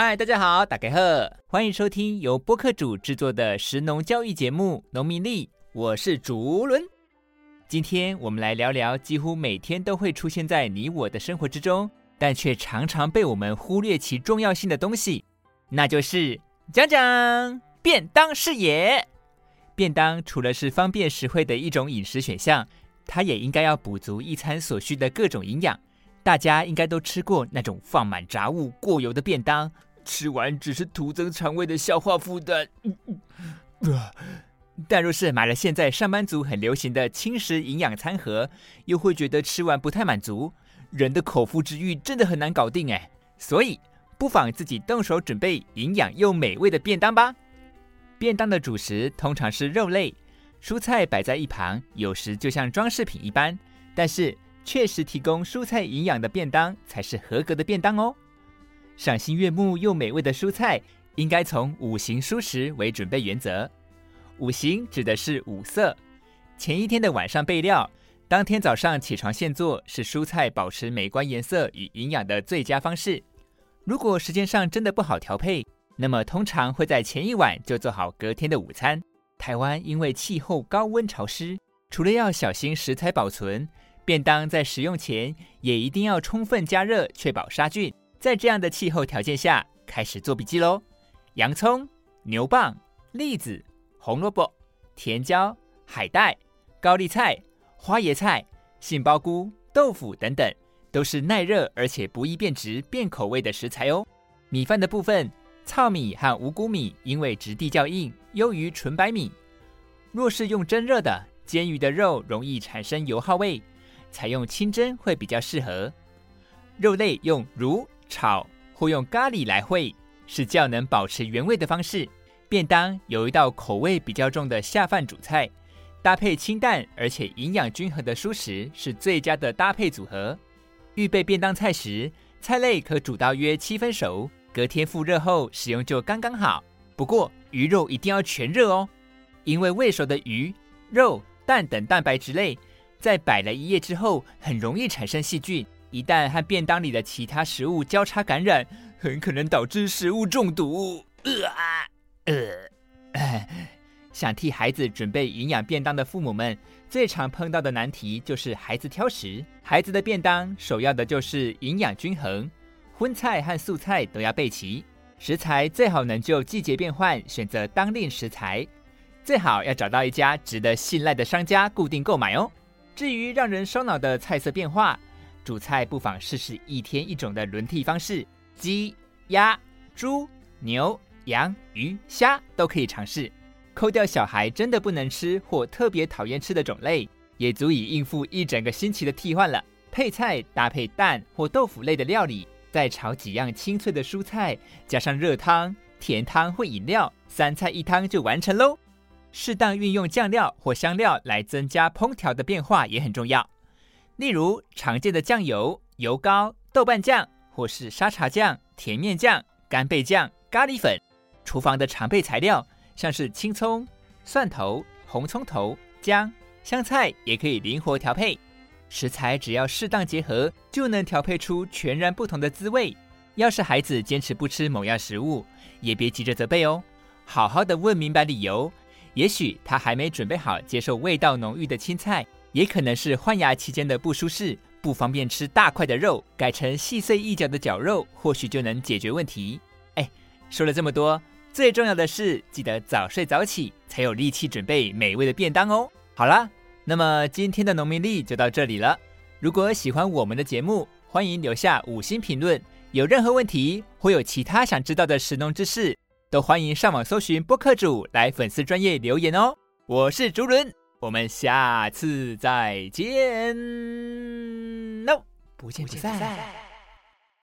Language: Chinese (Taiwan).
嗨，大家好，打開賀，歡迎收聽由播客煮製作的食農教育節目《農民曆》，我是竹輪。今天我們來聊聊幾乎每天都會出現在你我的生活之中，但卻常常被我們忽略其重要性的東西，那就是講講便當視野。便當除了是方便實惠的一種飲食選項，它也應該要補足一餐所需的各種營養。大家應該都吃過那種放滿炸物、過油的便當。吃完只是徒增腸胃的消化負擔。嗯呃，但若是買了現在上班族很流行的輕食營養餐盒，又會覺得吃完不太滿足。人的口腹之欲真的很難搞定哎，所以不妨自己動手準備營養又美味的便當吧。便當的主食通常是肉類，蔬菜擺在一旁，有時就像裝飾品一般。但是確實提供蔬菜營養的便當才是合格的便當哦。賞心悅目又美味的蔬菜，應該從五行蔬食為準備原則。五行指的是五色。前一天的晚上備料，當天早上起床現做，是蔬菜保持美觀顏色與營養的最佳方式。如果時間上真的不好調配，那麼通常會在前一晚就做好隔天的午餐。台灣因為氣候高溫潮濕，除了要小心食材保存，便當在食用前也一定要充分加熱，確保殺菌。在這樣的氣候條件下，開始做筆記嘍。洋蔥、牛蒡、栗子、紅蘿蔔、甜椒、海帶、高麗菜、花椰菜、杏鮑菇、豆腐等等，都是耐熱而且不易變質變口味的食材哦。米飯的部分，糙米和五穀米因為質地較硬，優於純白米。若是用蒸熱的，煎魚的肉容易產生油耗味，採用清蒸會比較適合。肉類用如炒或用咖喱來燴是較能保持原味的方式。便當有一道口味比較重的下飯主菜，搭配清淡而且營養均衡的蔬食是最佳的搭配組合。預備便當菜時，菜類可煮到約七分熟，隔天復熱後使用就剛剛好。不過魚肉一定要全熱哦，因為未熟的魚、肉、蛋等蛋白質類，在擺了一夜之後很容易產生細菌。一旦和便當裡的其他食物交叉感染，很可能導致食物中毒。呃、啊，呃， 想替孩子準備營養便當的父母們，最常碰到的難題就是孩子挑食。孩子的便當首要的就是營養均衡，葷菜和素菜都要備齊，食材最好能就季節變換選擇當令食材，最好要找到一家值得信賴的商家固定購買哦。至於讓人燒腦的菜色變化。主菜不妨試試一天一種的輪替方式，雞、鴨、豬、牛、羊、魚、蝦都可以嘗試。扣掉小孩真的不能吃或特別討厭吃的種類，也足以應付一整個星期的替換了。配菜搭配蛋或豆腐類的料理，再炒幾樣清脆的蔬菜，加上熱湯、甜湯或飲料，三菜一湯就完成嘍。適當運用醬料或香料來增加烹調的變化也很重要。例如常見的醬油、油膏、豆瓣醬，或是沙茶醬、甜麵醬、干貝醬、咖喱粉，廚房的常備材料像是青蔥、蒜頭、紅蔥頭、薑、香菜，也可以靈活調配。食材只要適當結合，就能調配出全然不同的滋味。要是孩子堅持不吃某樣食物，也別急着責備哦，好好的問明白理由，也許他還沒準備好接受味道濃郁的青菜。也可能是換牙期間的不舒適，不方便吃大塊的肉，改成細碎一角的絞肉，或許就能解決問題。哎，說了這麼多，最重要的是記得早睡早起，才有力氣準備美味的便當哦。好啦，那麼今天的農民曆就到這裡了。如果喜歡我們的節目，歡迎留下五星評論。有任何問題或有其他想知道的食農知識，都歡迎上網搜尋播客煮來粉絲專頁留言哦。我是竹輪。我們下次再見，no，不見不散。不見不散